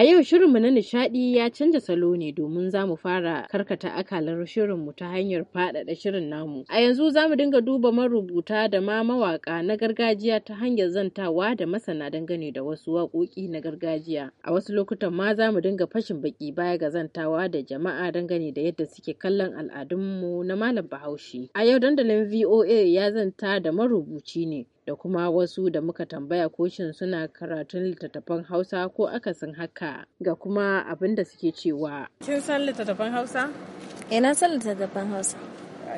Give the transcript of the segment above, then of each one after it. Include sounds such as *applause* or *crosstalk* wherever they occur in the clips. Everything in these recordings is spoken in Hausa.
A yau shirinmu na nishadi ya canza salo ne domin za mu fara karkata akalar shirinmu ta hanyar faɗaɗa shirin namu. A yanzu za mu dinga duba marubuta da ma mawaƙa na gargajiya ta hanyar zantawa da masana dangane da wasu waƙoƙi na gargajiya. A wasu lokutan ma za mu dinga fashin baƙi baya ga zantawa da jama'a dangane da yadda suke kallon al'adunmu na Malam Bahaushe. A yau dandalin VOA ya zanta da marubuci ne da kuma wasu da muka tambaya ko shin suna karatun littattafan hausa ko akasin haka ga kuma abin da suke cewa kin san littattafan hausa eh na san littattafan hausa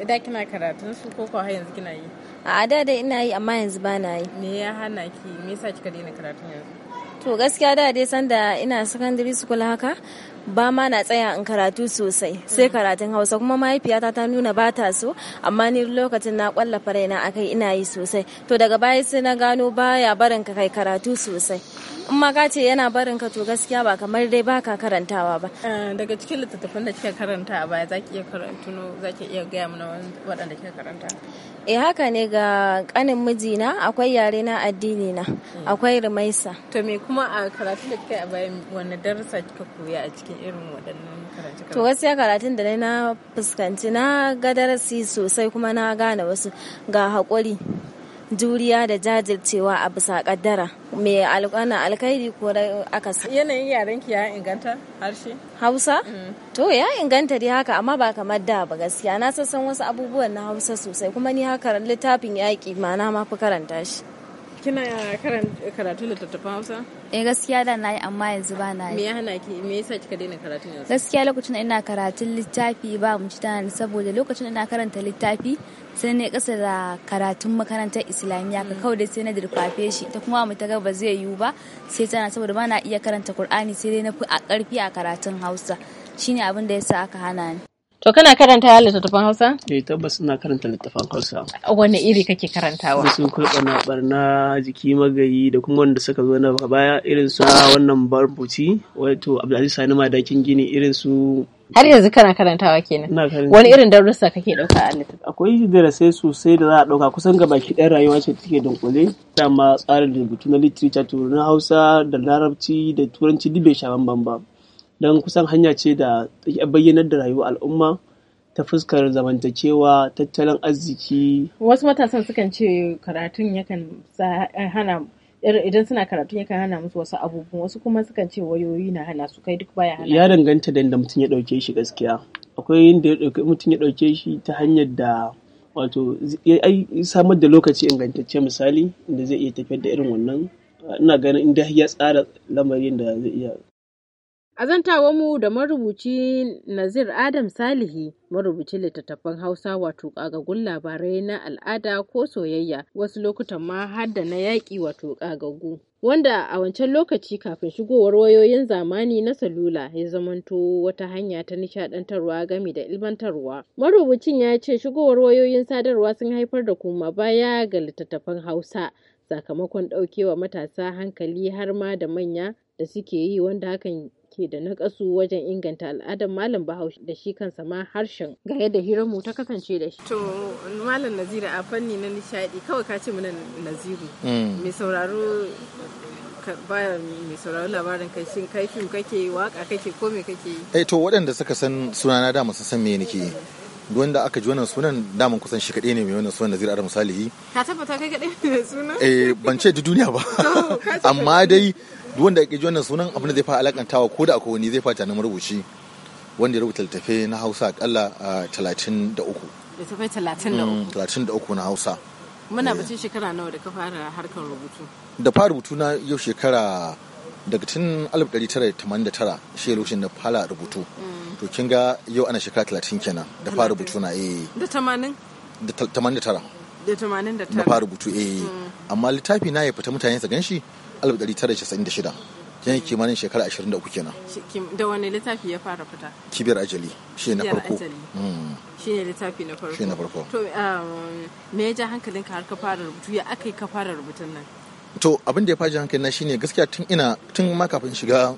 idan kina karatun su ko har yanzu kina yi a da dai ina yi amma yanzu ba na yi me ya hana ki me yasa kika daina karatun yanzu to gaskiya da dai sanda ina secondary school haka ba ma na tsaya in karatu sosai sai karatun hausa kuma mahaifiyata ta nuna ba ta so amma ni lokacin na kwallafa raina akai ina yi sosai to daga baya sai na gano baya barin ka kai karatu sosai in ma ka ce yana barin ka to gaskiya ba kamar dai baka karantawa ba eh, daga cikin littattafan da kika karanta a baya zaki iya karantuno zaki iya gaya mana waɗanda kika karanta eh haka ne ga kanin mijina akwai yare na addini na hmm. akwai rumaisa to me kuma a karatun da kai a bayan wani darasa kika koya a cikin irin waɗannan karatu to gaskiya karatun da na fuskanci na ga darasi sosai kuma na gane wasu ga haƙuri juriya da jajircewa a bisa kaddara mai alƙana alkhairi ko aka sa yanayin yaren ki ya inganta harshe hausa mm. to ya inganta dai haka amma ba kamar da ba gaskiya na sassan wasu abubuwan na hausa sosai kuma ni haka littafin yaƙi ma na ma fi karanta shi Kina karatun littattafan Hausa? Eh gaskiya da na yi amma yanzu ba na yi. Me ya ki me yasa kika daina karatun yanzu? Gaskiya lokacin ina karatun littafi ba mu ci tana saboda lokacin ina karanta littafi sai ne kasa da karatun makarantar islamiyya ka kawai dai sai na dirfafe shi ta kuma mu ta ga ba zai yiwu ba sai tana saboda ba na iya karanta Kur'ani sai dai na fi a karfi a karatun Hausa shine abin da yasa aka hana ni. To kana karanta littattafan Hausa? Eh tabbas ina karanta littattafan Hausa. Wani iri kake karantawa? Su kulɓana barna jiki magayi da kuma wanda suka zo na baya irin su wannan barbuci wato Abdulaziz Sani dakin Gini irin su Har yanzu kana karantawa kenan. Ina karanta. Wani irin darussa kake ɗauka a littattafan? Akwai darasai sosai da za a ɗauka kusan gaba ki dan rayuwa ce take dunkule. Dama tsarin rubutu na literature na Hausa da Larabci da Turanci duk bai sha bambam ba. don kusan hanya ce da ya bayyanar da rayuwar al'umma ta fuskar zamantakewa tattalin arziki wasu matasan sukan ce karatun yakan eh, hana idan suna karatun yakan hana musu wasu abubuwan wasu kuma sukan ce wayoyi na hana su kai duk baya hana ya danganta da inda mutum ya dauke shi gaskiya akwai inda mutum ya dauke shi ta hanyar da wato samar da lokaci ingantacce misali inda zai iya tafiyar da irin wannan ina ganin inda ya tsara lamarin da zai iya mu da marubuci Nazir Adam Salihi, marubucin littattafan Hausa wato ƙagaggun labarai na al'ada ko soyayya, wasu lokutan ma har da na yaƙi wato ƙagagu Wanda a wancan lokaci kafin shigowar wayoyin zamani na salula ya zamanto wata hanya ta nishadantarwa gami da ilmantarwa. Marubucin ya ce shigowar wayoyin sadarwa sun haifar da kuma baya ga littattafan Hausa sakamakon ɗaukewa matasa hankali har ma da manya da suke yi wanda hakan ke da nakasu wajen inganta al'adar malam bahaushe da shi kansa ma harshen ga yadda hiranmu ta kasance da shi. To malam Naziru a fanni na nishadi kawai ka ce mana Naziru. Mm. Mai sauraro baya mai sauraro labarin kai shin kai fim kake waka kake ko me kake yi? Eh to waɗanda suka san sunana da sun san me nake yi. wanda aka ji wannan sunan daman kusan shi kaɗai ne mai wannan sunan Nazir Adam Salihi. Ka tabbata kai kaɗai mai sunan? Eh ban ce duniya ba. *laughs* Amma dai duk wanda ake ji wannan sunan abin da zai fara alakantawa ko da akwai wani zai fara tunanin marubuci wanda ya rubuta littafi na Hausa akalla talatin da uku. Littattafai talatin da mm, uku. Talatin da uku na Hausa. Muna eh. batun shekara nawa da ka fara harkar rubutu? Da fara rubutu na yau shekara daga tun 1989 shi ya lokacin da fara rubutu. Mm. To kin ga yau ana shekara talatin kenan da fara rubutu na eh. Da tamanin? Da tamanin da tara. Da tamanin da tara. Da fara rubutu eh. Mm. Amma littafi na ya fita mutane su gan shi 1996 yana kimanin shekara 23 kenan da wani littafi ya fara fita kibiyar ajali shi na farko mm. shi ne littafi na farko shi na farko to um, me ya ja hankalin ka har ka fara rubutu ya aka yi ka fara rubutun nan to abin da ya faji hankali na shine gaskiya tun ina tun ma kafin shiga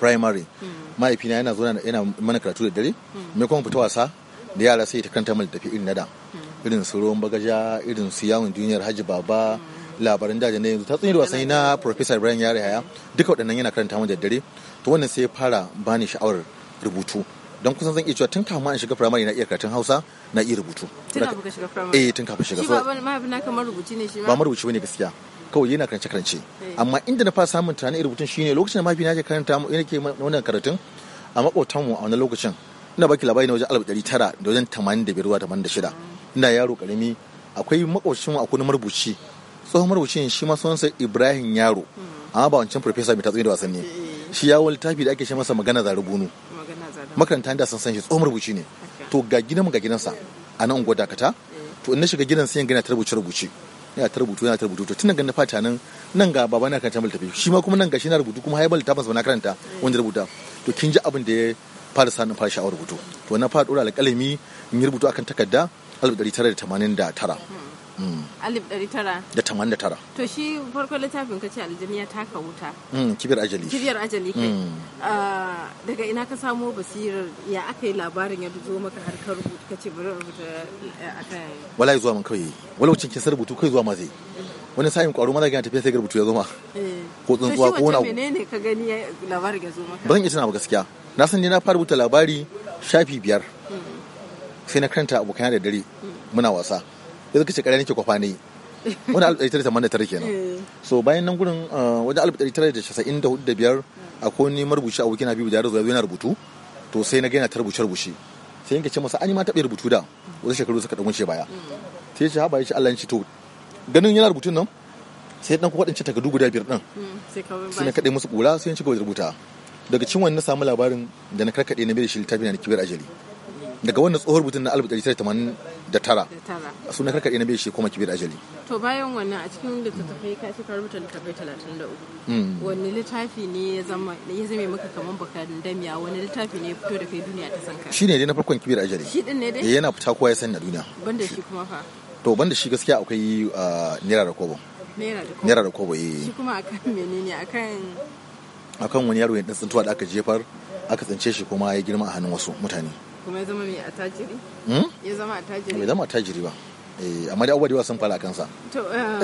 primary hmm. mahaifina yana zo yana mana karatu da dare hmm. me kuma fita wasa da yara sai ta kanta mai tafi irin na da hmm. irin su ruwan bagaja irin su yawon duniyar hajji baba labaran daji na yanzu tatsuni da wasanni na Professor Ibrahim Yare Haya duka waɗannan yana karanta mu da dare to wannan sai ya fara bani sha'awar rubutu don kusan zan iya cewa tun kafin in shiga firamare na iya karatun Hausa na iya rubutu tun kafin shiga firamare eh tun kafin shiga so. ba ma kamar rubuci ne shi ba rubuci bane gaskiya kawai yana karance karance eh. amma inda na fara samun tunanin rubutun shine lokacin da mafi na karanta mu nake wannan karatun a makotan mu a wannan lokacin ina baki labari na wajen alif dari tara da wajen tamanin da biyar zuwa tamanin da shida ina yaro karami akwai makocin akwai na marubuci tsohon marubucin shi ma sunansa ibrahim yaro hmm. amma ba wancan profesa mai da wasanni eh, eh. shi ya wani tafi da ake shi masa magana zaru bunu makaranta da sun san shi tsohon rubuci ne to ga gidan ga gidansa eh. a nan unguwa dakata to in na shiga gidan sai gana ta rubuci. rubuce yana ta yana ta to tunan ganin fata nan nan ga baba na karanta littafi shi ma kuma nan ga shi na rubutu kuma haibal ta ba na karanta wanda rubuta to kin ji abin da ya fara sanin fara sha'awar rubutu to na fara dora alƙalami in yi rubutu akan takarda 1989 alif ɗari tara da tamanin da tara to shi farko littafin ka ce aljini ta taka wuta hmm, kibiyar ajali kibiyar ajali kai hmm. ah, daga ina ka samo basirar ya aka yi labarin ya zo maka har ka rubuta ka ce bari rubuta eh, aka yi wala zuwa min kawai wala lokacin kin rubutu kai zuwa ma zai wani sa'in ƙwaro mana gina tafiya sai rubutu ya zo ma eh. ko tsuntsuwa ko wani abu menene ka gani labarin ya zo maka ba zan iya tuna ba gaskiya na san ne na fara rubuta labari shafi biyar hmm. sai na karanta abokana da dare muna wasa yanzu kace ne nake kwafa ne wani alif ɗari tara da tara kenan eh. so bayan nan gurin uh, wani alif ɗari tara da casa'in da hudu da biyar hmm. ko ni marubuci wakilin habibu da zuwa yana rubutu to sai na ga ta rubuce rubuce sai yanke ce masa an yi ma taɓa rubutu da hmm. wasu shekaru suka ɗan wuce baya hmm. sai ce haɓa ya ce Allah ya ce to ganin yana rubutun nan sai dan kuwa ɗance takardu guda biyar ɗin sai na kaɗe musu ƙura sai ya ci gaba da rubuta daga cin wani na samu labarin da na karkaɗe na bai da shi littafi na kibar ajali daga wannan tsohon rubutun na 1989 a karkar karkaɗe na bai shi kuma kibir ajali to bayan wannan a cikin littattafai ka suka rubuta littattafai 33 hmm. wani littafi ne ya zama maka kamar baka damiya wani littafi ne ya fito da kai duniya ta sanka shi ne dai na farkon kibir ajali shi din ne dai eh, yana fita kowa ya sanya duniya banda shi kuma fa to banda shi gaskiya akwai ah, naira da kobo naira da kobo eh shi kuma akan menene akan akan wani yaro ya dan tsintuwa da aka jefar aka tsince shi kuma ya girma a hannun wasu mutane kuma ya zama mai attajiri hmm? ya zama attajiri bai zama attajiri ba eh, amma da abubuwa sun fara kansa to um,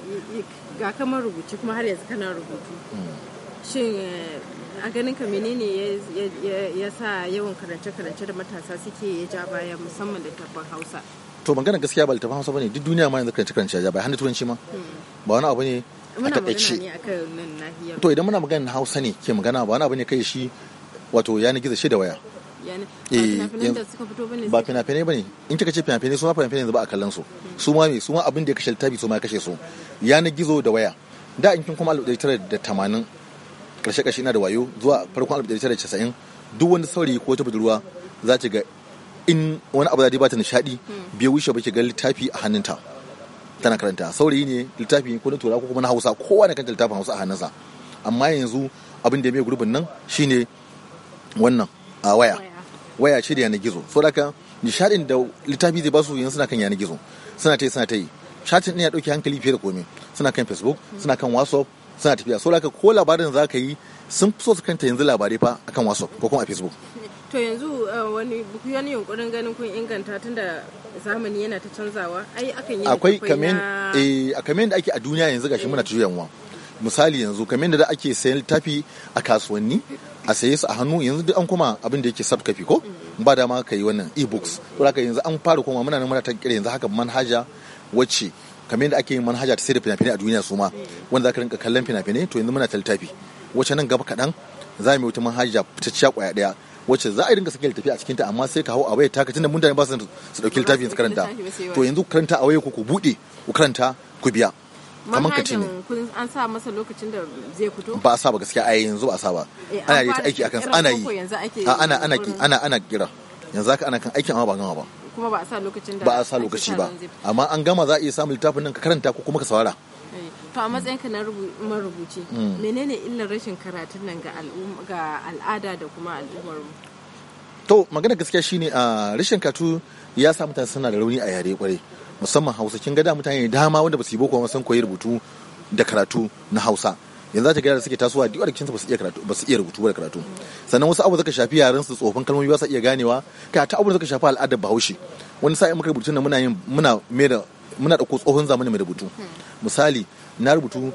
*laughs* ga kamar rubuci kuma har yanzu kana rubutu hmm. shin eh, a ganin ka menene ya sa yawan karance-karance da matasa suke ya ja baya musamman da littattafan hausa to magana gaskiya ba littattafan hausa bane duk duniya ma yanzu karance-karance ya ja baya hannu turanci ma hmm. ba wani abu ne a takaice to idan muna magana hausa ne ke magana ba wani abu ne kai shi wato yana gizo shi da waya yani eh, ba fina-finai ba fina-fine ne in kika ce fina-finai su ma fina-finai yanzu ba a kallon su su ma me su ma abin da ya kashe littafi su ma ya kashe su yanar gizo da waya da in kin kuma alif ɗari tara da tamanin ƙarshe ƙarshe ina da wayo zuwa farkon alif ɗari tara da casa'in duk wani saurayi ko ta budurwa za ta ga in wani abu da ba ta nishaɗi hmm. bai wuce ba ki ga littafi a hannunta tana karanta saurayi ne littafi ko na turawa ko kuma na hausa kowa na kanta littafin hausa a hannunsa amma yanzu abin da ya mai gurbin nan shine wannan a waya waya ce da yanar gizo so da nishadin da littafi zai basu yin suna kan yanar gizo suna ta yi suna ta yi shatin ɗin ya ɗauki hankali fiye da komai suna kan facebook suna kan whatsapp suna tafiya so da ko labarin za ka yi sun fi so su kanta yanzu labarai fa akan whatsapp ko kuma a facebook to yanzu eh, wani yana yunkurin ganin kun inganta tunda zamani yana ta canzawa ai akan yi akwai kamen a kamen da ake a duniya yanzu gashi muna ta misali yanzu kamar da ake sayan littafi a kasuwanni a saye su a hannu yanzu duk an kuma abin da yake subcopy ko ba dama ka yi wannan e-books to haka yanzu an fara koma muna nan muna ta kire yanzu haka manhaja wacce kamar da ake yin manhaja ta sayar da fina-finai a duniya su ma wanda za ka rinka kallon fina-finai to yanzu muna ta littafi wacce nan gaba kaɗan za mu yi wata manhaja fitacciya kwaya ɗaya wacce za a rinka sake littafi a cikinta amma sai ka hau a waya ka tunda da ba su dauki littafin su karanta to yanzu karanta a waya ko ku buɗe ku karanta ku biya kaman ka ne an sa masa lokacin da zai fito ba a sa ba gaskiya ai yanzu ba a sa ba eh, ana yi ta aiki akan ana yi ana ana ana ana kira yanzu haka ana kan aikin amma ba gama ba kuma ba a sa lokacin da ba a sa lokaci ba amma an gama za a iya samun littafin nan ka karanta ko kuma ka saurara eh, to a matsayin ka na marubuci hmm. menene illar rashin karatun nan ga al'ada da kuma al'ummar mu to magana gaskiya shine a ah, rashin katu ya sa mutane suna da rauni a yare kwarai musamman hausa kin ga da mutane dama wanda ba su yi boko ba san koyi rubutu da karatu na hausa yanzu ta da suke tasowa duk arkin ba su iya karatu ba su iya rubutu da karatu sannan wasu abu zaka shafi yaran su tsofin kalmomi ba su iya ganewa kai ta abu zaka shafi al'adar bahaushe wani sa'in muka rubutu na muna yin muna me da muna dauko tsohon zamanin mai rubutu misali na rubutu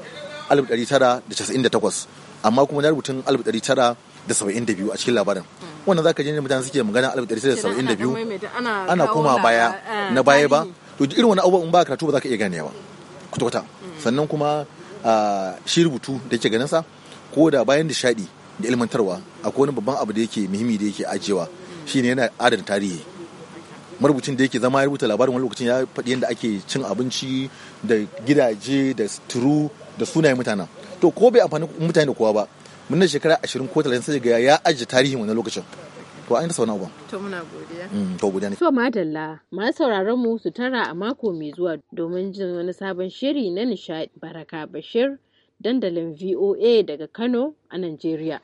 1998 amma kuma na rubutun 1972 a cikin labarin wannan zaka je mutane suke magana 1972 ana koma baya eh, na baya ba to irin wani abubuwan ba karatu ba za ka iya ganewa kwata sannan kuma shi rubutu da yake ganin ko da bayan da shaɗi da ilmantarwa akwai wani babban abu da yake muhimmi da yake ajewa shine yana adana tarihi marubucin da yake zama ya rubuta labarin wani lokacin ya faɗi yadda ake cin abinci da gidaje da turu, da sunayen mutanen to ko bai amfani mutane da kowa ba mun shekara ashirin ko talatin sai ga ya ajiye tarihin wani lokacin to an yi sauna nawa to muna godiya mm, to godiya ne So madalla ma sauraron mu su tara a mako mai zuwa domin jin wani sabon shiri na nishadi baraka bashir dandalin VOA daga Kano a Najeriya